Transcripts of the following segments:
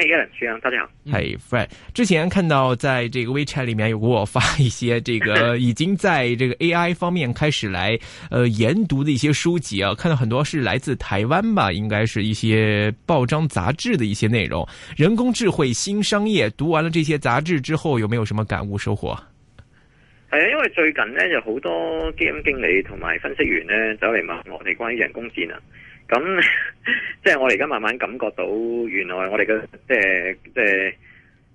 Hi 大家好。Frank，之前看到在這個 WeChat 裏面有給我發一些這個已經在這個 AI 方面開始來呃研讀的一些書籍啊，看到很多是來自台灣吧，應該是一些報章雜誌的一些內容。人工智慧新商業，讀完了這些雜誌之後，有沒有什麼感悟收穫？係啊，因為最近呢，就好多基金經理同埋分析員呢走嚟問我哋關於人工智能。咁即係我哋而家慢慢感覺到，原來我哋嘅即係即係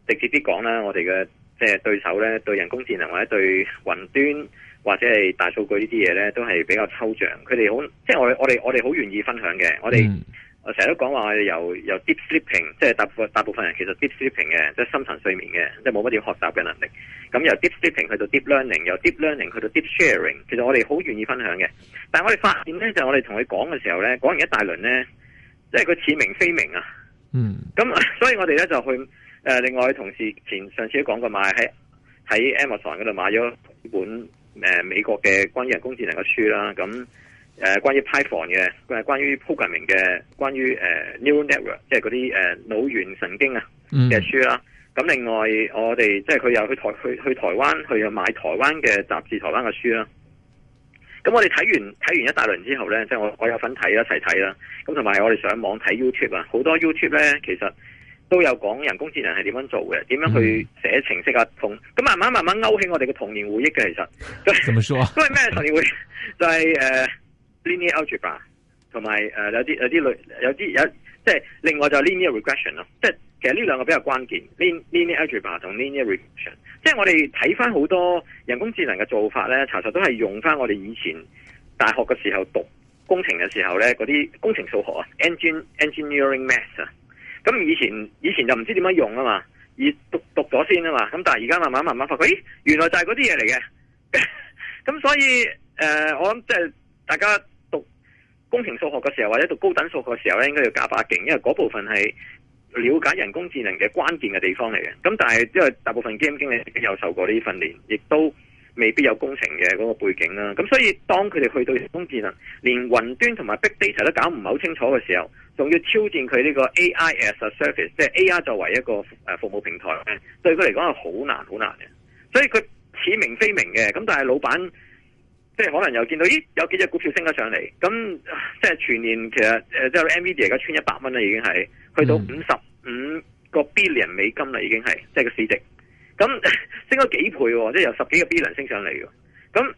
直接啲講啦，我哋嘅即係對手咧，對人工智能或者對雲端或者係大數據呢啲嘢咧，都係比較抽象。佢哋好即係我哋我哋我哋好願意分享嘅，我哋。嗯我成日都講話，我哋由由 deep sleeping，即係大部大部分人其實 deep sleeping 嘅，即係深層睡眠嘅，即係冇乜點學習嘅能力。咁由 deep sleeping 去到 deep learning，由 deep learning 去到 deep sharing，其實我哋好願意分享嘅。但係我哋發現咧，就係、我哋同佢講嘅時候咧，講完一大輪咧，即係佢似明非明啊。嗯。咁所以我哋咧就去誒，另外同事前上次都講過買喺喺 Amazon 嗰度買咗本誒美國嘅關於人工智能嘅書啦。咁。誒、呃，關於 Python 嘅，誒，關於 programming 嘅，關於誒、呃、neural network，即係嗰啲誒，腦、呃、元神經啊嘅書啦。咁、嗯、另外我哋即係佢又去台去去台灣去買台灣嘅雜誌、台灣嘅書啦。咁我哋睇完睇完一大輪之後咧，即係我我有份睇一齊睇啦。咁同埋我哋上網睇 YouTube 啊，好多 YouTube 咧，其實都有講人工智能係點樣做嘅，點、嗯、樣去寫程式啊，同咁慢慢慢慢勾起我哋嘅童年回憶嘅，其實。怎麼說？因為咩童年回憶？就係、是、誒。呃 linear algebra 同埋誒有啲、呃、有啲類有啲有，有即係另外就 linear regression 咯，即係其實呢兩個比較關鍵 linear algebra 同 linear regression，即係我哋睇翻好多人工智能嘅做法咧，查實都係用翻我哋以前大學嘅時候讀工程嘅時候咧嗰啲工程數學啊，engine engineering math 啊，咁以前以前就唔知點樣用啊嘛，而讀讀咗先啊嘛，咁但係而家慢慢慢慢發覺，咦原來就係嗰啲嘢嚟嘅，咁 所以誒、呃、我諗即係大家。工程數學嘅時候或者讀高等數學嘅時候咧，應該要加把勁，因為嗰部分係了解人工智能嘅關鍵嘅地方嚟嘅。咁但係因為大部分基金經理有受過呢啲訓練，亦都未必有工程嘅嗰個背景啦、啊。咁所以當佢哋去到人工智能，連雲端同埋 big data 都搞唔好清楚嘅時候，仲要挑戰佢呢個 AI as a service，即係 AI 作為一個誒服務平台，對佢嚟講係好難好難嘅。所以佢似明非明嘅，咁但係老闆。即係可能又見到，咦？有幾隻股票升咗上嚟，咁、啊、即係全年其實誒、呃，即係 NVIDIA 而家穿一百蚊啦，已經係去到五十五個 billion 美金啦，已經係即係個市值，咁升咗幾倍、哦，即係由十幾個 billion 升上嚟喎。咁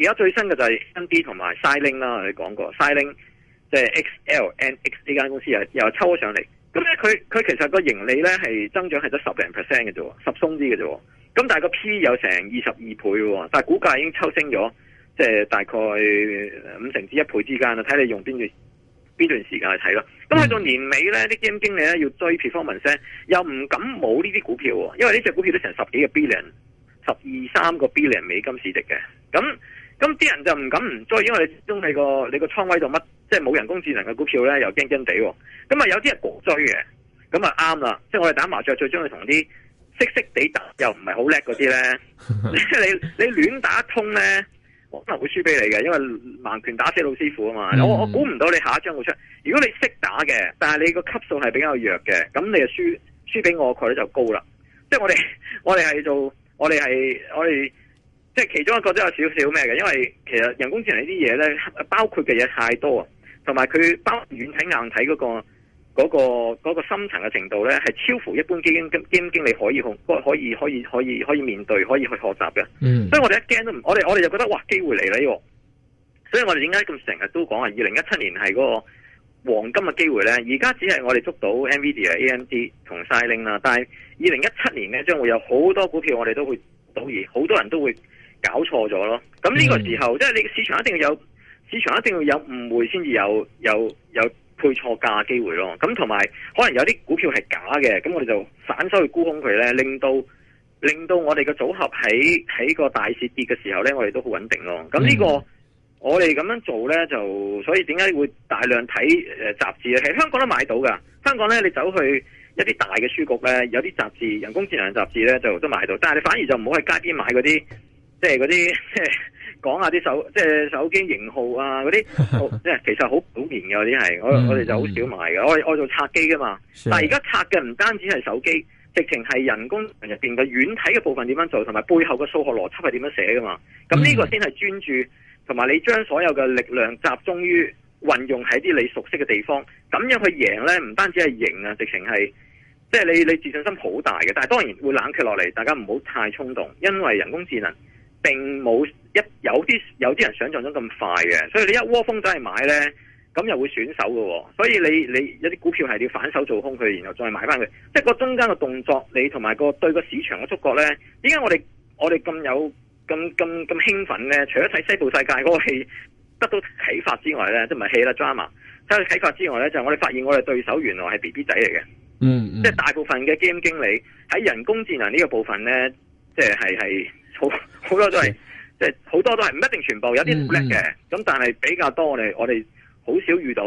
而家最新嘅就係 NVIDIA 同埋 Xilinx 啦，我哋講過 Xilinx，即係 XLNX 呢間公司又又抽咗上嚟。咁咧，佢佢其實個盈利咧係增長係得十零 percent 嘅啫，十鬆啲嘅啫。咁但係個 P 有成二十二倍、哦，但係股價已經抽升咗。即係大概五成至一倍之間啦，睇你用邊段邊段時間去睇咯。咁、嗯、去到年尾咧，啲基金經理咧要追 performance 又唔敢冇呢啲股票喎、哦，因為呢隻股票都成十幾個 billion，十二三個 billion 美金市值嘅。咁咁啲人就唔敢唔追，因為你中係個你個倉位到乜，即係冇人工智能嘅股票咧，又驚驚地。咁啊有啲係狂追嘅，咁啊啱啦。即係我哋打麻雀最中意同啲識識地打，又唔係好叻嗰啲咧。你你亂打通咧？可能會輸俾你嘅，因為盲拳打死老師傅啊嘛。嗯。我我估唔到你下一張會出。如果你識打嘅，但係你個級數係比較弱嘅，咁你就輸輸俾我概率就高啦。即係我哋我哋係做我哋係我哋即係其中一個都有少少咩嘅，因為其實人工智能呢啲嘢咧，包括嘅嘢太多啊，同埋佢包軟體硬體嗰、嗰個。嗰、那個、那個深層嘅程度咧，係超乎一般基金基金經理可以控，可以可以可以可以面對，可以去學習嘅、mm.。所以我哋一驚都唔，我哋我哋就覺得哇，機會嚟啦呢個。所以我哋點解咁成日都講啊？二零一七年係嗰個黃金嘅機會咧。而家只係我哋捉到 NVD 啊、AMD 同 Siling 啦，但係二零一七年咧，將會有好多股票，我哋都會好而好多人都會搞錯咗咯。咁呢個時候，mm. 即係你市場一定要有市場一定要有誤會，先至有有有。有有配錯價機會咯，咁同埋可能有啲股票係假嘅，咁我哋就反手去沽空佢呢，令到令到我哋嘅組合喺喺個大市跌嘅時候呢，我哋都好穩定咯。咁呢、呢個、嗯、我哋咁樣做呢，就所以點解會大量睇雜誌呢？其實香港都買到噶，香港呢，你走去一啲大嘅書局呢，有啲雜誌人工智能雜誌呢，就都買到，但係你反而就唔好喺街邊買嗰啲，即係嗰啲。 講下啲手即係手機型號啊，嗰啲，即 係、哦、其實好普遍嘅嗰啲係，我 我哋就好少買嘅。我我做拆機噶嘛， 但係而家拆嘅唔單止係手機，直情係人工入邊嘅軟體嘅部分點樣做，同埋背後嘅數學邏輯係點樣寫噶嘛。咁 呢個先係專注，同埋你將所有嘅力量集中於運用喺啲你熟悉嘅地方，咁樣去贏咧，唔單止係型啊，直情係即係你你自信心好大嘅。但係當然會冷卻落嚟，大家唔好太衝動，因為人工智能並冇。有啲有啲人想象中咁快嘅，所以你一窩蜂走去買呢，咁又會損手嘅，哦，所以你你有啲股票係要反手做空佢，然後再買翻佢，即、就、係、是、個中間嘅動作，你同埋，那個對個市場嘅觸覺呢，點解我哋我哋咁有咁咁咁興奮咧？除咗睇西部世界嗰個戲得到啟發之外呢，即唔係戲啦，drama。睇到啟發之外呢，就是、我哋發現我哋對手原來係 B B 仔嚟嘅，嗯，即、嗯、係、就是、大部分嘅 game 經理喺人工智能呢個部分呢，即係係係好好多都係。嗯即係好多都係唔一定全部，有啲叻嘅，咁、嗯嗯、但係比較多，我哋我哋好少遇到，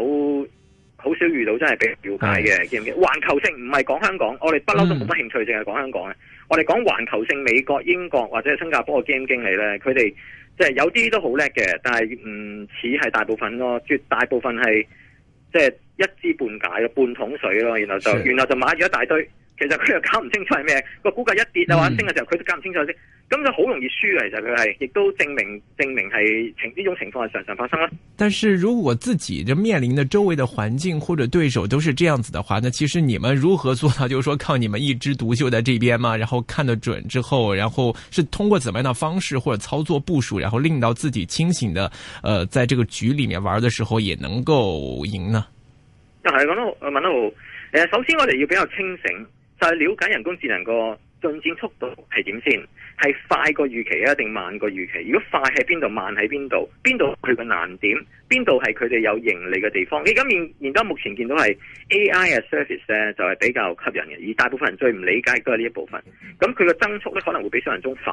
好少遇到真係俾人了解嘅基金經理。環球性，唔係講香港，我哋不嬲都冇乜興趣，淨係講香港嘅。我哋講環球性，美國、英國或者新加坡嘅基金經理咧，佢哋即係有啲都好叻嘅，但係唔似係大部分咯，絕大部分係即係一知半解嘅半桶水咯，然後就原來就買咗一大堆，其實佢又搞唔清楚係咩，個股價一跌啊、嗯，或者升嘅時候，佢都搞唔清楚先。咁就好容易輸啊！其實佢係，亦都證明證明係情呢種情況係常常發生啦。但是如果自己就面臨嘅周圍嘅環境或者對手都是這樣子嘅話，呢其實你們如何做到？就是說靠你們一枝獨秀在這邊嘛？然後看得準之後，然後是通過怎麼樣的方式或者操作部署，然後令到自己清醒的，呃，在這個局裏面玩嘅時候也能夠贏呢？就係咁咯，問得好。誒，首先我哋要比較清醒，就係、是、了解人工智能個。進展速度係點先？係快過預期啊，定慢過預期？如果快係邊度，慢係邊度？邊度佢個難點？邊度係佢哋有盈利嘅地方？而家現在現今目前見到係 AI 啊 service 咧，就係、是、比較吸引嘅。而大部分人最唔理解都係呢一部分。咁佢個增速都可能會比想象中快。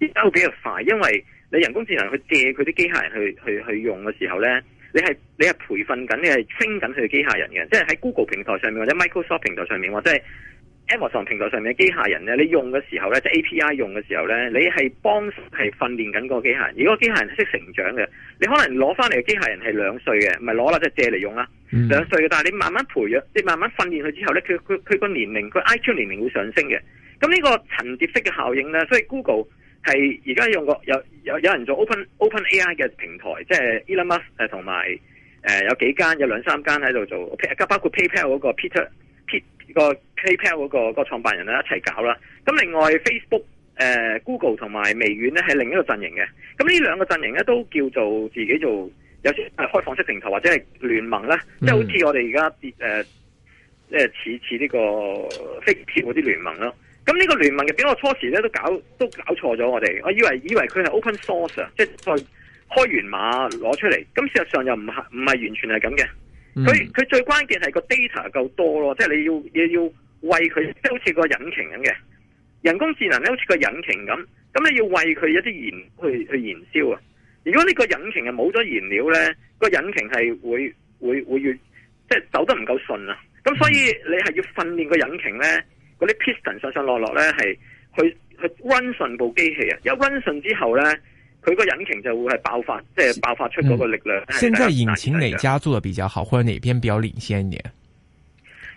亦都會比較快？因為你人工智能去借佢啲機械人去去去用嘅時候咧，你係你係培訓緊，你係 train 緊佢機械人嘅。即係喺 Google 平台上面或者 Microsoft 平台上面，或者係，Amazon 平台上面嘅機械人咧，你用嘅時候咧，即係 API 用嘅時候咧，你係幫係訓練緊個機械人，如果個機械人係識成長嘅。你可能攞翻嚟嘅機械人係兩歲嘅，唔係攞啦，即係借嚟用啦、嗯，兩歲嘅。但係你慢慢培養，你慢慢訓練佢之後咧，佢佢佢個年齡，佢 IQ 年齡會上升嘅。咁呢個層疊式嘅效應咧，所以 Google 係而家用過有有有人做 Open Open AI 嘅平台，即係 Elon Musk 誒同埋誒有幾間有兩三間喺度做，包括 PayPal 嗰個 Peter。呢個 PayPal 嗰個創辦人咧，一齊搞啦，咁另外 Facebook、呃、誒 Google 同埋微軟咧係另一個陣營嘅，咁呢兩個陣營咧都叫做自己做有啲係開放式平台或者係聯盟啦，即、嗯、係、呃、好似我哋而家誒，即係似似呢個 KPIL 嗰啲聯盟咯。咁呢個聯盟嘅，比我初時咧都搞都搞錯咗，我哋我以為以為佢係 open source，即係開開源碼攞出嚟，咁事實上又唔係唔係完全係咁嘅。佢、嗯、佢最關鍵係個 data 夠多咯，即係你要你要喂佢，即係好似個引擎咁嘅。人工智能咧好似個引擎咁，咁你要喂佢一啲燃去去燃燒啊。如果呢個引擎係冇咗燃料咧，個引擎係會會會越即係走得唔夠順啊。咁所以你係要訓練個引擎咧，嗰啲 piston 上上落落咧係去去 run 順部機器啊。一 run 順之後咧。佢個引擎就會係爆發，即係爆發出嗰個力量。現在引擎哪家做得比較好，或者哪邊比較領先嘅？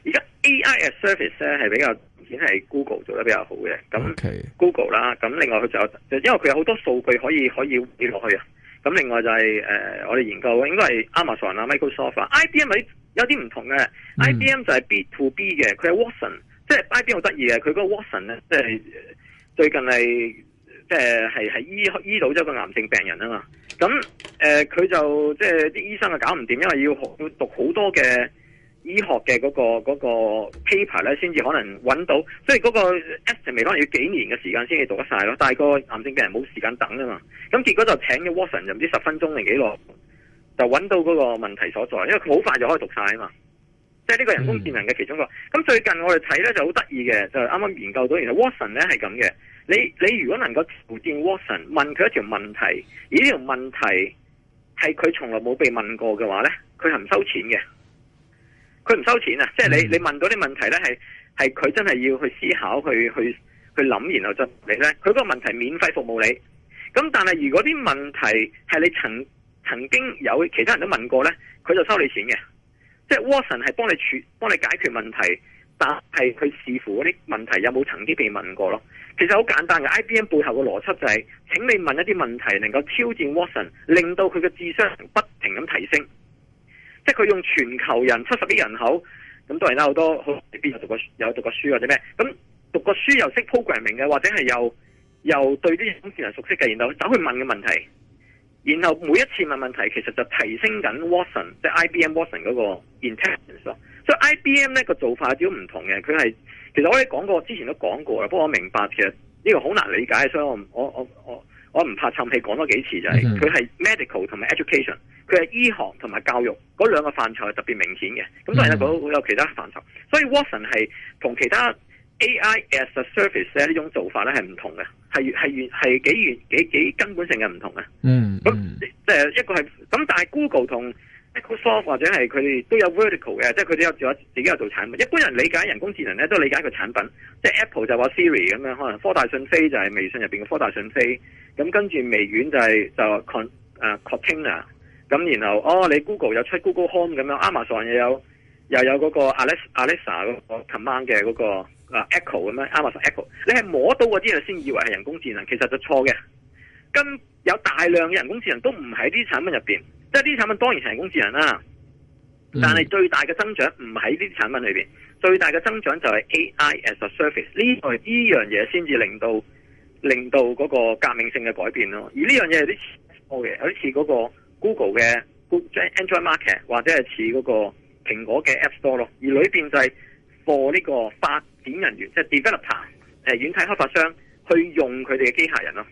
而家 A I 嘅 service 咧係比較，顯係 Google 做得比較好嘅。咁 Google 啦，咁另外佢就有，因為佢有好多數據可以可以攰落去啊。咁另外就係誒，我哋研究應該係 Amazon 啦、Microsoft、IBM 有啲唔同嘅、嗯。IBM 就係 B to B 嘅，佢係 Watson，即係 IBM 好得意嘅。佢嗰個 Watson 咧，即係最近係。即係係係醫醫到咗個癌症病人啊嘛，咁誒佢就即係啲醫生啊搞唔掂，因為要要讀好多嘅醫學嘅嗰、那個、那個 paper 咧，先至可能揾到，所以嗰個 X 就未可能要幾年嘅時間先至讀得晒咯。但係個癌症病人冇時間等啊嘛，咁結果就請咗 Watson，就唔知十分鐘定幾耐，就揾到嗰個問題所在，因為佢好快就可以讀晒啊嘛。即係呢個人工智能嘅其中一個，咁最近我哋睇咧就好得意嘅，就啱、是、啱研究到，原來 Watson 咧係咁嘅。你你如果能夠見 Watson 問佢一條問題，而呢條問題係佢從來冇被問過嘅話呢，佢係唔收錢嘅，佢唔收錢啊！即係你你問到啲問題咧，係係佢真係要去思考去去去諗，然後就嚟咧，佢嗰個問題免費服務你。咁但係如果啲問題係你曾曾經有其他人都問過咧，佢就收你錢嘅。即係 Watson 係幫你處幫你解決問題。係佢視乎嗰啲問題有冇曾經被問過咯，其實好簡單嘅。IBM 背後嘅邏輯就係請你問一啲問題，能夠挑戰 Watson，令到佢嘅智商不停咁提升。即係佢用全球人七十億人口，咁當然啦，好多好邊有讀過有讀過書或者咩，咁讀過書又識 programming 嘅，或者係又又對啲嘢通常熟悉嘅，然後走去問嘅問題。然後每一次問問題，其實就提升緊 Watson 即係 I B M Watson 嗰個 intelligence 咯。所以 I B M 咧個做法有啲唔同嘅，佢係其實我哋講過，之前都講過啦。不過我明白其實呢個好難理解，所以我我我我我唔怕氹氣講多幾次就係佢係 medical 同埋 education，佢係醫學同埋教育嗰兩個範疇係特別明顯嘅。咁當然啦，佢、mm-hmm. 會有其他範疇，所以 Watson 係同其他。A.I. as a service 咧呢種做法咧係唔同嘅，係係係幾遠幾幾根本性嘅唔同嘅。嗯、mm-hmm.，咁、就、即、是、一咁，但係 Google 同 Microsoft 或者係佢哋都有 vertical 嘅，即係佢哋有自己有做產品。一般人理解人工智能咧都理解一個產品，即係 Apple 就話 Siri 咁樣，可能科大訊飛就係微信入邊嘅科大訊飛，咁跟住微軟就係就 con, uh, container 咁，然後哦你 Google 有出 Google Home 咁樣，Amazon 又有。又有嗰個 Alex、那個、Alexa 嗰個 command 嘅嗰個啊 Echo 咁樣，Amazon Echo 你係摸到嗰啲，人先以為係人工智能，其實就錯嘅。咁有大量嘅人工智能都唔喺啲產品入面，即係啲產品當然係人工智能啦。嗯、但係最大嘅增長唔喺啲產品裏面，最大嘅增長就係 AI as a service 呢個呢樣嘢先至令到令到嗰個革命性嘅改變咯。而呢樣嘢有啲似 OK 有啲似嗰個 Google 嘅 Google Android Market 或者係似嗰個。蘋果嘅 App Store 咯，而裏邊就係 for 呢個發展人員，即係 developer，誒軟體開發商去用佢哋嘅機械人咯，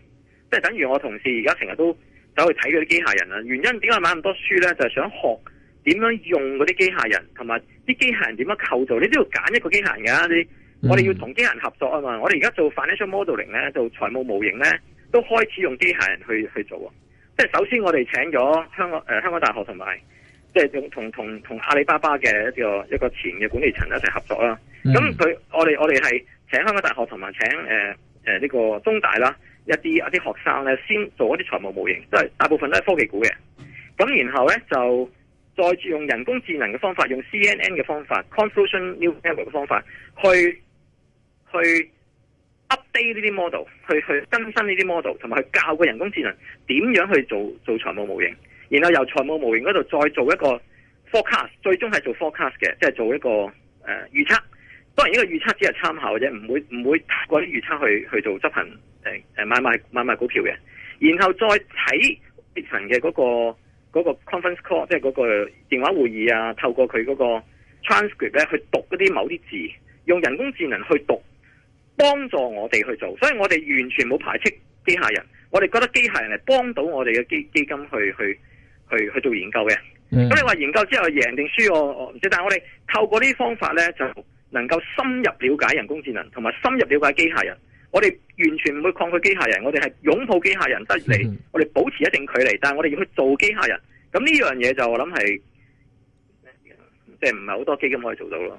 即係等於我同事而家成日都走去睇嗰啲機械人啊。原因點解買咁多書呢？就係想學點樣用嗰啲機械人同埋啲機械人點樣構造。你都要揀一個機械人噶，你我哋要同機械人合作啊嘛。我哋而家做 financial modeling 呢，做財務模型呢，都開始用機械人去去做啊。即係首先我哋請咗香港誒香港大學同埋。即係用同同同阿里巴巴嘅一個一個前嘅管理層一齊合作啦。咁、嗯、佢我哋我哋係請香港大學同埋請誒誒呢個中大啦，一啲一啲學生咧先做一啲財務模型，即係大部分都係科技股嘅。咁然後咧就再用人工智能嘅方法，用 CNN 嘅方法，Convolutional Neural Network 嘅方法去去 update 呢啲 model，去去更新呢啲 model，同埋去教個人工智能點樣去做做財務模型。然後由財務模型嗰度再做一個 forecast，最終係做 forecast 嘅，即係做一個誒、呃、預測。當然呢個預測只係參考嘅，唔會唔會嗰啲預測去去做執行誒誒、呃、買賣買賣股票嘅。然後再睇 bit 嘅嗰個、那個 conference call，即係嗰個電話會議啊，透過佢嗰個 transcript 咧去讀嗰啲某啲字，用人工智能去讀，幫助我哋去做。所以我哋完全冇排斥機械人，我哋覺得機械人係幫到我哋嘅基基金去去。去去做研究嘅，咁你話研究之後贏定輸，我唔知，但係我哋透過呢啲方法咧，就能夠深入了解人工智能，同埋深入了解機械人。我哋完全唔會抗拒機械人，我哋係擁抱機械人得嚟，我哋保持一定距離，但係我哋要去做機械人。咁呢樣嘢就我諗係，即係唔係好多基金可以做到咯。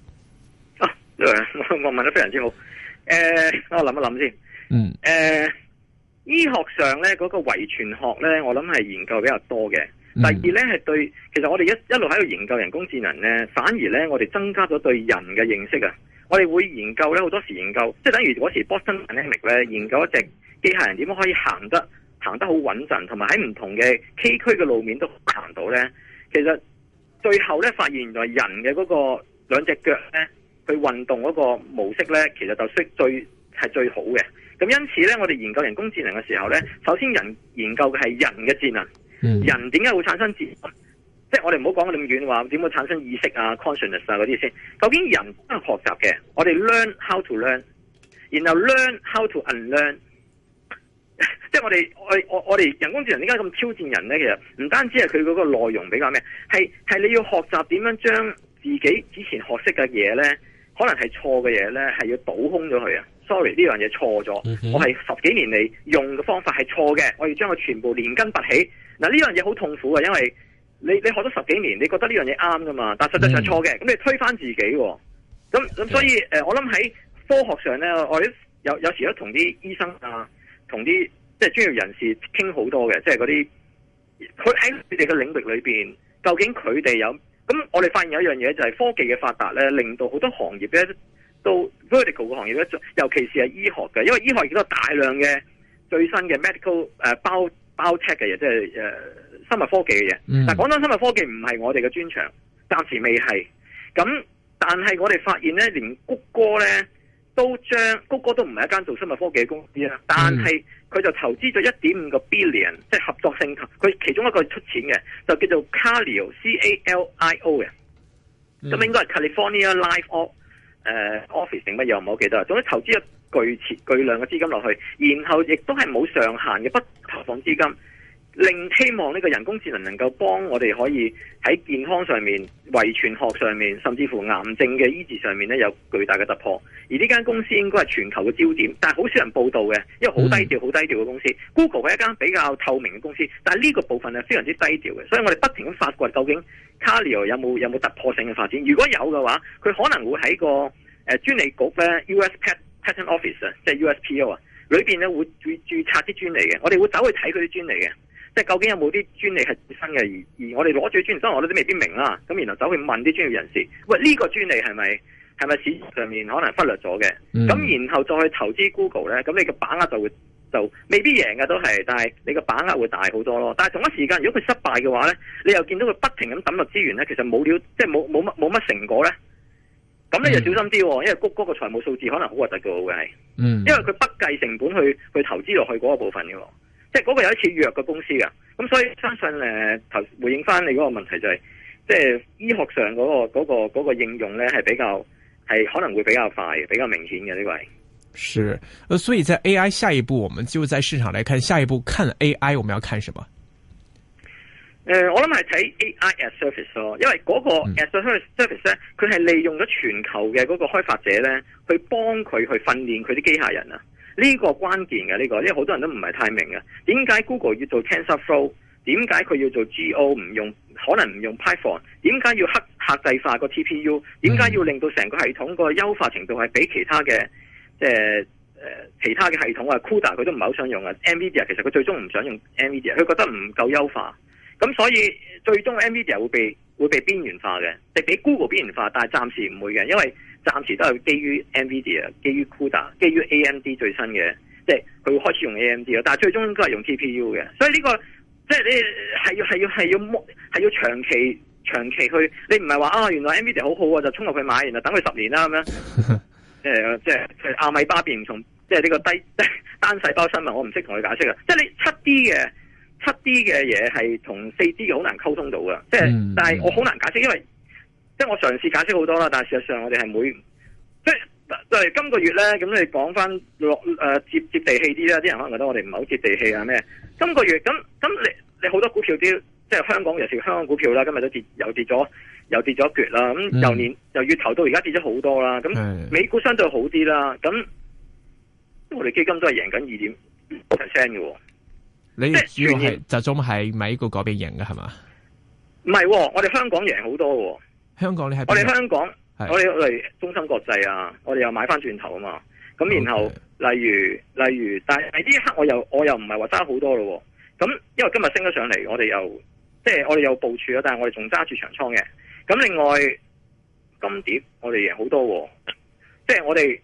我 我問得非常之好，誒、uh，我諗一諗先。嗯。誒，醫學上咧嗰個遺傳學咧，我諗係研究比較多嘅。Mm. 第二咧係對，其實我哋一一路喺度研究人工智能咧，反而咧我哋增加咗對人嘅認識啊。我哋會研究咧好多時研究，即係等於嗰時 Boston Dynamics 咧研究一隻機械人點樣可以行得行得好穩陣，而且在不同埋喺唔同嘅崎嶇嘅路面都行到咧。其實最後咧發現原來人嘅嗰個兩隻腳咧。去運動嗰個模式咧，其實就係最係最好嘅。咁因此咧，我哋研究人工智能嘅時候咧，首先人研究嘅係人嘅智能。Mm. 人點解會產生智能？即我哋唔好講咁遠話，點會產生意識啊、conscious 啊嗰啲先。究竟人都係學習嘅，我哋 learn how to learn，然後 learn how to unlearn。即我哋我我哋人工智能點解咁挑戰人咧？其實唔單止係佢嗰個內容比較咩，係係你要學習點樣將自己之前學識嘅嘢咧。可能係錯嘅嘢呢，係要倒空咗佢啊！Sorry，呢樣嘢錯咗，mm-hmm. 我係十幾年嚟用嘅方法係錯嘅，我要將佢全部連根拔起。嗱，呢樣嘢好痛苦嘅，因為你你學咗十幾年，你覺得呢樣嘢啱噶嘛？但係實際上是錯嘅，咁、mm-hmm. 你推翻自己、哦。咁咁所以誒、yeah. 呃，我諗喺科學上呢，我有有時都同啲醫生啊，同啲即係專業人士傾好多嘅，即係嗰啲佢喺佢哋嘅領域裏邊，究竟佢哋有。咁我哋發現有一樣嘢就係、是、科技嘅發達咧，令到好多行業咧都 vertical 嘅行業咧，尤其是係醫學嘅，因為醫學亦都有大量嘅最新嘅 medical 誒包包 tech 嘅嘢，即係誒生物科技嘅嘢、嗯。但講緊生物科技唔係我哋嘅專長，暫時未係。咁但係我哋發現咧，連谷歌咧都將谷歌都唔係一間做生物科技嘅公司，但係。嗯佢就投資咗一點五個 billion，即係合作性佢其中一個出錢嘅，就叫做 Calio C A L I O 嘅，咁、mm. 應該係 California Life Office 定乜嘢我唔係好記得啦。總之投資咗巨錢巨量嘅資金落去，然後亦都係冇上限嘅不投放資金。另希望呢個人工智能能夠幫我哋可以喺健康上面、遺傳學上面，甚至乎癌症嘅醫治上面咧有巨大嘅突破。而呢間公司應該係全球嘅焦點，但係好少人報道嘅，因為好低調、好低調嘅公司。Google 係一間比較透明嘅公司，但係呢個部分係非常之低調嘅，所以我哋不停咁發掘究竟 Cario 有冇有冇突破性嘅發展？如果有嘅話，佢可能會喺個誒專利局咧 US Pat, Patent Office 啊，即係 USPO 啊，裏邊咧會會註冊啲專利嘅。我哋會走去睇佢啲專利嘅。即係究竟有冇啲專利係新嘅？而而我哋攞住專利，所以我都都未必明啦。咁然後走去問啲專業人士，喂，呢、這個專利係咪係咪市場上面可能忽略咗嘅？咁、嗯、然後再去投資 Google 咧，咁你嘅把握就會就未必贏嘅，都係。但係你嘅把握會大好多咯。但係同一時間，如果佢失敗嘅話咧，你又見到佢不停咁抌落資源咧，其實冇料，即係冇冇乜冇乜成果咧。咁你又小心啲，因為谷歌個財務數字可能好核突嘅會係、嗯，因為佢不計成本去去投資落去嗰部分嘅。即係嗰個有一次預約嘅公司㗎，咁所以相信誒，頭回應翻你嗰個問題就係、是，即、就、係、是、醫學上嗰、那個嗰、那個、那個應用咧係比較係可能會比較快，比較明顯嘅呢位。是，所以在 A I 下一步，我們就在市場來看下一步，看 A I 我們要看什麼？誒、呃，我諗係睇 A I as service 咯，因為嗰個 as service service、嗯、咧，佢係利用咗全球嘅嗰個開發者咧，去幫佢去訓練佢啲機械人啊。呢、這個關鍵嘅呢個，因為好多人都唔係太明嘅。點解 Google 要做 TensorFlow？點解佢要做 Go？唔用可能唔用 Python？點解要黑客製化個 TPU？點、嗯、解要令到成個系統個優化程度係比其他嘅即係誒其他嘅系統啊？CUDA 佢都唔係好想用啊！NVIDIA 其實佢最終唔想用 NVIDIA，佢覺得唔夠優化。咁所以最終 NVIDIA 會被會被邊緣化嘅，即係俾 Google 邊緣化，但係暫時唔會嘅，因為。暫時都係基於 NVIDIA 啊，基於 CUDA，基於 AMD 最新嘅，即係佢會開始用 AMD 啊，但係最終應該係用 TPU 嘅。所以呢、呢個即係你係要係要係要摸，係要，要長期長期去。你唔係話啊，原來 NVIDIA 好好啊，就衝入去買，然後等佢十年啦、啊、咁樣。誒、 呃，即係阿米巴變形蟲，即係呢個低 單細胞生物，我唔識同佢解釋啊。即係你七 D 嘅七 D 嘅嘢係同四 D 嘅好難溝通到嘅。即係、嗯，但係我好難解釋，嗯、因為。即係我嘗試解釋好多啦，但係事實上我哋係每即係今個月咧，咁你講翻落誒、呃、接接地氣啲啦，啲人可能覺得我哋唔係好接地氣啊咩？今個月咁咁，你你好多股票都即係香港尤其是香港股票啦，今日都跌又跌咗，又跌咗一橛啦。咁、嗯、由年由月頭到而家跌咗好多啦。咁美股相對好啲啦。咁我哋基金都係贏緊二點 percent 嘅。你主要係集中喺美國嗰邊贏嘅係嘛？唔係、哦，我哋香港贏好多嘅、哦。香港你係我哋香港，在我哋嚟中心國際啊！我哋又買翻轉頭啊嘛，咁然後、okay. 例如例如，但係呢一刻我又我又唔係話揸好多咯喎，咁因為今日升咗上嚟，我哋又即係我哋有部署啊，但係我哋仲揸住長倉嘅。咁另外金碟我哋贏好多喎，即係我哋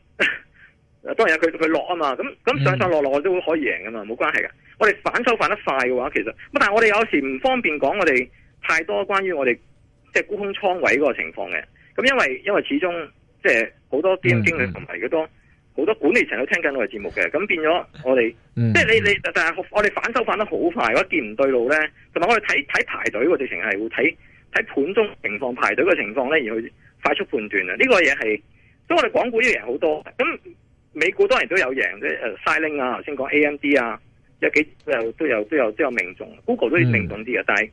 當然有佢佢落啊嘛，咁咁上上落落我都會可以贏噶嘛，冇關係㗎。我哋反手反得快嘅話，其實但係我哋有時唔方便講我哋太多關於我哋。即係沽空倉位嗰個情況嘅，咁因為因為始終即係好多基金經理同埋好多好多管理層都聽緊我哋節目嘅，咁、mm-hmm. 變咗我哋即係你你，但係我哋反手反得好快，如果見唔對路咧，同埋我哋睇睇排隊個直情係會睇睇盤中情況排隊個情況咧，而去快速判斷啊！呢、這個嘢係。所以我哋港股啲贏好多，咁美股當然都有贏，即係誒，Siling 啊，頭先講 AMD 啊，有幾都有都有都有都有命中，Google 都要命中啲嘅，mm-hmm. 但係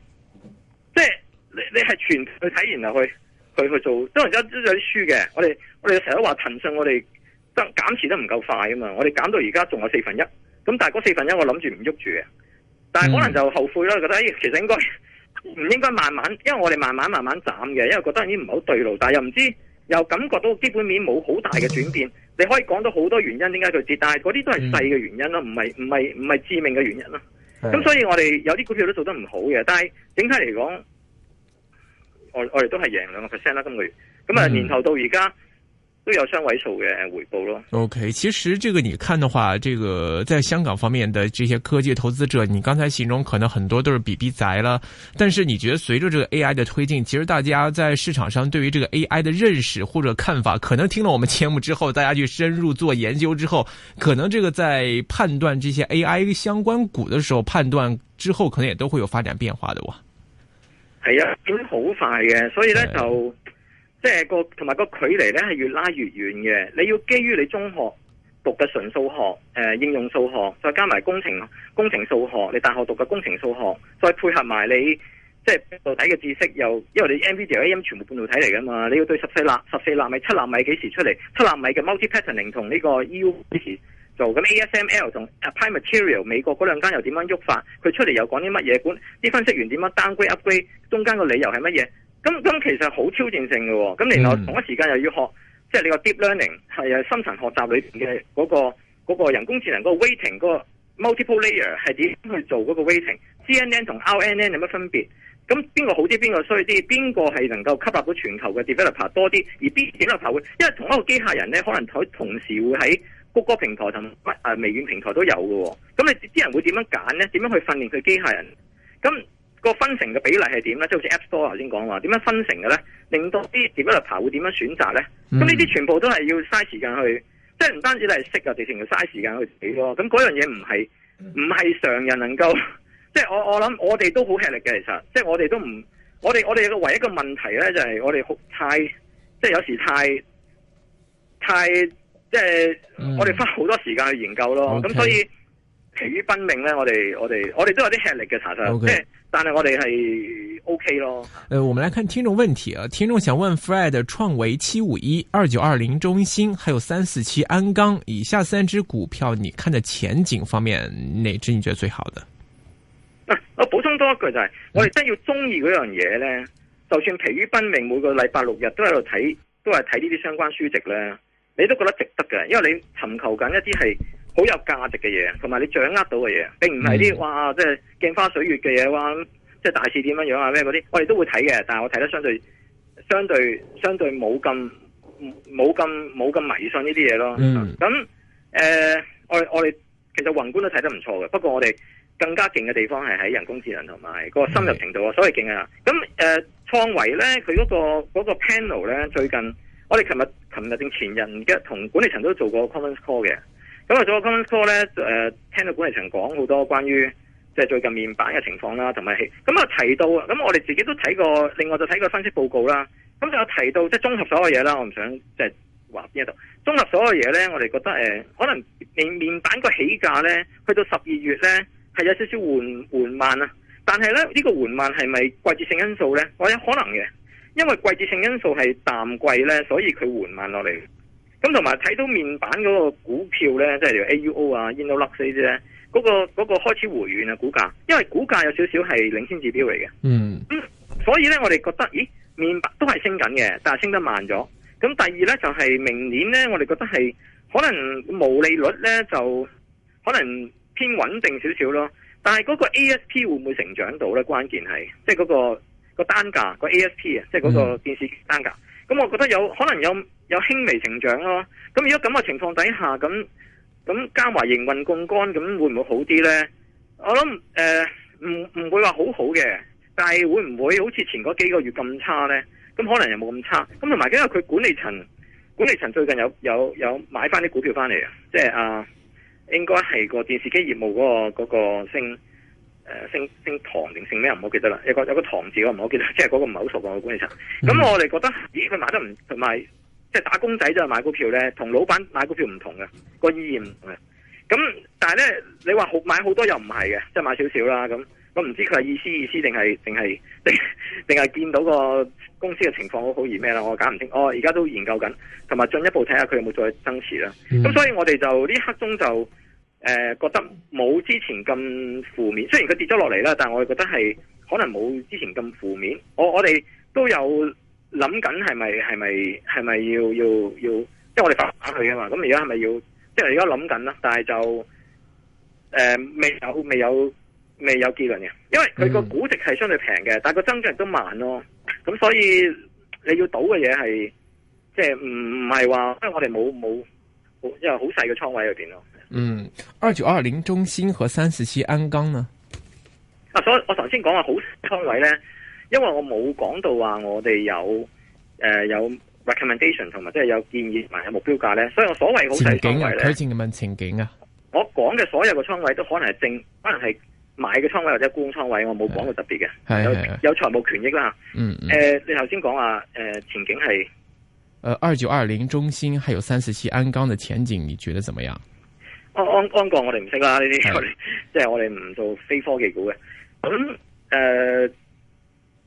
即係。你你係全完去睇然後去去去做，當然而家都有啲輸嘅。我哋我哋成日都話騰訊，我哋減持得唔夠快啊嘛。我哋減到而家仲有四分一，咁但係嗰四分一我諗住唔喐住嘅，但係可能就後悔啦，覺得其實應該唔應該慢慢，因為我哋慢慢慢慢斬嘅，因為覺得已經唔係好對路，但係又唔知又感覺到基本面冇好大嘅轉變。你可以講到好多原因點解佢跌，但係嗰啲都係細嘅原因咯，唔係唔係唔係致命嘅原因咯。咁所以我哋有啲股票都做得唔好嘅，但係整體嚟講。我我哋都係贏兩個 percent 啦，今個月咁啊，年頭到而家、嗯、都有雙位數嘅回報咯。OK，其實這個你看的話，這個在香港方面的這些科技投資者，你剛才形容可能很多都是 BB 仔啦，但是你覺得隨着這個 AI 的推進，其實大家在市場上對於這個 AI 的認識或者看法，可能聽了我們節目之後，大家去深入做研究之後，可能這個在判斷這些 AI 相關股的時候，判斷之後可能也都會有發展變化的哇。係啊，點好快嘅，所以咧就即係、就是、個同埋個距離咧係越拉越遠嘅。你要基於你中學讀嘅純數學、誒、呃、應用數學，再加埋工程工程數學，你大學讀嘅工程數學，再配合埋你即係、就是、半導體嘅知識。又因為你 NVIDIA 全部半導體嚟噶嘛，你要對十四納十四納米、七納米幾時出嚟？七納米嘅 multi patterning 同呢個 EU 幾時。做咁 ASML 同 Applied Material 美國嗰兩間又點樣喐法？佢出嚟又講啲乜嘢？管啲分析員點樣 downgrade upgrade？中間個理由係乜嘢？咁咁其實好挑戰性嘅、哦。咁另外同一時間又要學，即係你個 deep learning 係係啊深層學習裏面嘅嗰個嗰個人工智能嗰個 weighting 嗰個 multiple layer 係點去做嗰個 weighting？CNN 同 RNN 有乜分別？咁邊個好啲？邊個衰啲？邊個係能夠吸納到全球嘅 developer 多啲？而邊啲 developer 會因為同一個機械人咧，可能佢同時會喺。谷歌平台同乜，誒，微軟平台都有嘅，咁你啲人會點樣揀咧？點樣去訓練佢機械人？咁個分成嘅比例係點咧？即係好似 App Store 頭先講話，點樣分成嘅咧？令到啲 developer 會點樣選擇咧？咁呢啲全部都係要嘥時間去，即係唔單止你係識啊，直情要嘥時間去死咯。咁嗰樣嘢唔係唔係常人能夠，即係我我諗我哋都好吃力嘅，其實，即係我哋都唔，我哋我哋個唯一一個問題咧就係我哋好太，即係有時太太。即、就、係、是、我哋花好多時間去研究咯，咁、嗯、所以疲於、okay. 奔命咧。我哋我哋我哋都有啲吃力嘅查實，即、okay. 係但係我哋係 OK 咯。誒、呃，我們來看聽眾問題啊！聽眾想問 Fred：創維七五一二九二零、中興，還有三四七鞍鋼，以下三隻股票，你看嘅前景方面，哪隻你覺得最好的？的、啊、我補充多一句就係、是，我哋真係要中意嗰樣嘢咧、嗯，就算疲於奔命，每個禮拜六日都喺度睇，都係睇呢啲相關書籍咧。你都覺得值得嘅，因為你尋求緊一啲係好有價值嘅嘢，同埋你掌握到嘅嘢，並唔係啲哇即係鏡花水月嘅嘢，哇即係大市點樣樣啊咩嗰啲，我哋都會睇嘅，但係我睇得相對相對相對冇咁冇咁冇咁迷信呢啲嘢咯。咁、嗯、誒、呃，我我哋其實宏觀都睇得唔錯嘅，不過我哋更加勁嘅地方係喺人工智能同埋個深入程度啊、嗯，所謂勁啊！咁誒、呃，創維咧，佢嗰、個嗰個 panel 呢，最近我哋琴日。琴日定前日，而家同管理層都做過 conference call 嘅。咁啊，做個 conference call 咧，誒聽到管理層講好多關於即係最近面板嘅情況啦，同埋咁啊提到。咁我哋自己都睇過，另外就睇過分析報告啦。咁就有提到即係綜合所有嘢啦，我唔想即係話邊一度。綜合所有嘢咧，我哋覺得誒，可能面面板個起價咧，去到十二月咧係有少少緩緩慢啊。但係咧，呢個緩慢係咪季節性因素咧？我有可能嘅。因為季節性因素係淡季咧，所以佢緩慢落嚟。咁同埋睇到面板嗰個股票咧，即係例 A U O 啊、Innolux 呢啲咧，嗰個嗰個開始回軟啊，股價。因為股價有少少係領先指標嚟嘅。嗯。咁、嗯、所以咧，我哋覺得，咦，面板都係升緊嘅，但係升得慢咗。咁第二咧就係明年咧，我哋覺得係可能毛利率咧就可能偏穩定少少咯。但係嗰個 A S P 會唔會成長到咧？關鍵係即係嗰個。個單價，個 A S P 啊，ASP，即係嗰個電視單價咁、嗯、我覺得有可能有有輕微成長咯。咁如果咁嘅情況底下，咁咁加埋營運槓桿，咁會唔會好啲呢？我諗誒、唔、呃、唔會話好好嘅，但係會唔會好似前嗰幾個月咁差呢？咁可能又冇咁差。咁同埋因為佢管理層管理層最近有有有買翻啲股票翻嚟啊，即係啊、呃，應該係個電視機業務嗰、嗰個嗰、嗰個升。誒、呃，姓姓唐定姓咩唔好記得啦，有個有個唐字我唔好記得，即係嗰個唔係好熟我嘅管理層。咁我哋覺得，咦，佢買得唔同埋，即係打工仔係買股票咧，同老闆買股票唔同嘅，個意義唔同嘅。咁但係咧，你話好買好多又唔係嘅，即係買少少啦。咁我唔知佢係意思意思定係定係定定係見到個公司嘅情況好好而咩啦，我解唔清。我而家都在研究緊，同埋進一步睇下佢有冇再增持啦。咁所以我哋就呢刻中就。誒、呃，覺得冇之前咁負面，雖然佢跌咗落嚟啦，但係我哋覺得係可能冇之前咁負面。我我哋都有諗緊係咪係咪係咪要要要，即係我哋發下佢啊嘛。咁而家係咪要？即係而家諗緊啦，但係就誒、呃、未有未有未有結論嘅，因為佢個估值係相對平嘅，但係個增長亦都慢咯。咁所以你要賭嘅嘢係即係唔唔係話，因為我哋冇冇好因為好細嘅倉位入邊咯。嗯，二九二零中心和三四七鞍鋼呢？啊，所以我頭先講話好倉位咧，因為我冇講到話我哋有誒、呃、有 recommendation 同埋即係有建議埋有目標價咧，所以我所謂好細倉位咧，推薦咁樣前景啊。我講嘅所有嘅倉位都可能係正，可能係買嘅倉位或者沽嘅倉位，我冇講過特別嘅、哎哎哎，有有財務權益啦。嗯，嗯，誒、呃，你頭先講話誒前景係，誒、呃，二九二零中心還有三四七鞍鋼嘅前景，你覺得怎麼樣？啊、安安安國我哋唔識啦，呢啲即係我哋唔、就是、做非科技股嘅。咁誒、呃，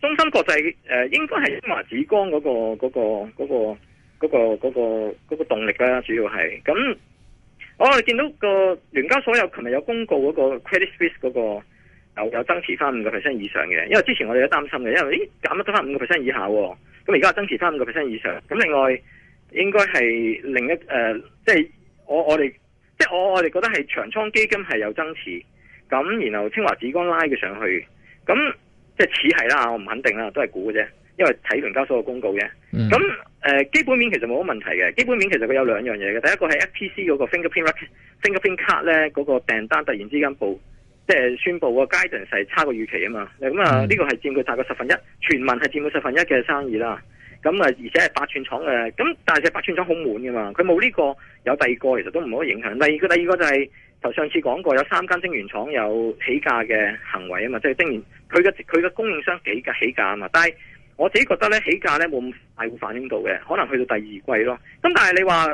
中心國際誒、呃，應該係英華紫光嗰、那個嗰、那個、那個、那個、那個、那個那個動力啦，主要係。咁、啊、我哋見到個聯交所有琴日有公告嗰個 Credit Suisse 嗰個有有增持翻五個 percent 以上嘅，因為之前我哋都擔心嘅，因為咦減咗翻五個 percent 以下、啊，咁而家增持翻五個 percent 以上。咁另外應該係另一誒，即、呃、係。就是我哋覺得係長倉基金係有增持，咁然後清華紫光拉佢上去，咁即係似係啦，我唔肯定啦，都係估嘅啫。因為睇聯交所嘅公告嘅，咁誒基本面其實冇乜問題嘅。基本面其實佢有兩樣嘢嘅，第一個係 FPC 嗰個 fingerprint card 咧嗰、那個訂單突然之間報，即係宣布個 Guidance 係差過預期啊嘛。咁、嗯、啊，呢、嗯這個係佔佢大概十分一，全民係佔佢十分一嘅生意啦。咁啊，而且係八寸廠嘅，咁但係只八寸廠好滿嘅嘛，佢冇呢個有第二個，其實都唔可以影響。第二個第二個就係、是、頭上次講過，有三間晶圓廠有起價嘅行為啊嘛，即係晶圓佢嘅佢嘅供應商幾價起價啊嘛，但係我自己覺得咧，起價咧冇咁大會反映到嘅，可能去到第二季咯。咁但係你話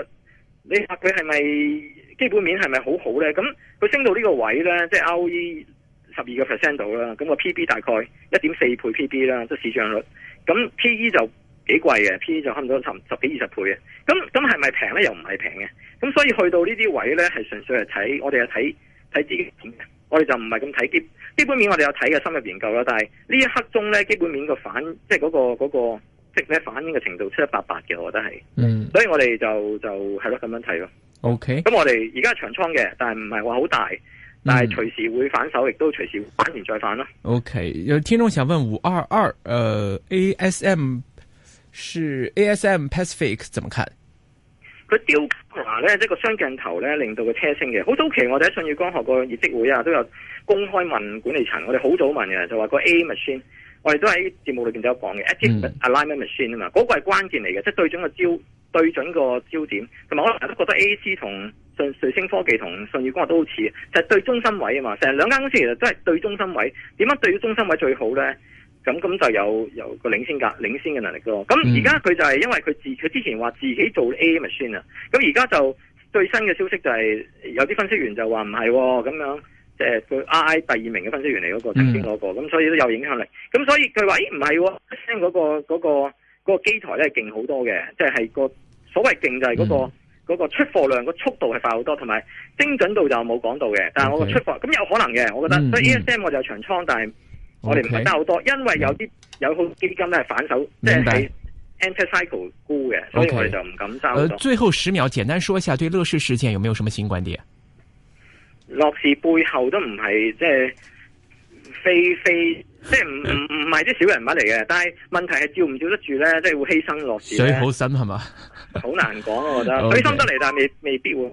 你話佢係咪基本面係咪好好咧？咁佢升到呢個位咧，即係 ROE 十二個 percent 度啦，咁個 PB 大概一點四倍 PB 啦，即係市賬率，咁 PE 就。幾貴嘅 P 就差唔多差唔十幾二十倍嘅。咁咁係咪平咧？又唔係平嘅。咁所以去到呢啲位咧，係純粹係睇。我哋係睇睇資金，我哋就唔係咁睇基本基本面。我哋有睇嘅深入研究啦。但係呢一刻中咧，基本面個反，即係嗰個嗰、嗰個即係咧，嗰個、反應嘅程度七七八八嘅。我覺得係。嗯。所以我哋就就係咯咁樣睇咯。O K。咁我哋而家長倉嘅，但係唔係話好大，但係隨時會反手，亦、嗯、都隨時反完再反啦 O K。Okay, 有聽眾想問五二二，誒，A S M。是 ASM Pacific 怎麼看？佢雕塊咧，即係個雙鏡頭咧，令到個車聲嘅。好早期我哋喺舜宇光學個業績會啊，都有公開問管理層，我哋好早問嘅，就話個 A machine，我哋都喺節目裏邊都有講嘅，一啲 alignment machine 啊嘛，嗰個係關鍵嚟嘅，即係對準個焦，對準個焦點。同埋我都覺得 AAC 同瑞瑞聲科技同舜宇光學都好似，就係對中心位啊嘛。成兩間公司其實都係對中心位，點樣對中心位最好咧？咁咁就有有個領先嘅、領先嘅能力咯。咁而家佢就係因為佢自佢之前話自己做 a machine 啊，咁而家就最新嘅消息就係有啲分析員就話唔係咁樣，即係佢 I 第二名嘅分析員嚟嗰、嗰個，就係嗰個咁，所以都有影響力。咁所以佢話：咦，唔係喎。嗰個 E S M 嗰個嗰嗰、嗰個嗰個、機台咧勁好多嘅，即係係個所謂勁就係嗰、嗰個嗰、嗯嗰個、出貨量個速度係快好多，同埋精準度就冇講到嘅。但係我個出貨咁、嗯、有可能嘅，我覺得。嗯嗯、所以 E S M 我就有長倉，但係 Okay. 我哋唔係得好多，因為有啲有好基金咧係反手，即係 anticycle 沽嘅，所以我哋就唔敢揸，okay. 呃。最後十秒，簡單說一下對樂視事件有冇有什麼新觀點？樂視背後都唔係即係非非，即係唔唔唔係啲小人物嚟嘅， 但係問題係照唔照得住咧，即係會犧牲樂視。水好深係嘛？好 難講，啊，我覺得，水、okay. 深得嚟，但係未未必會。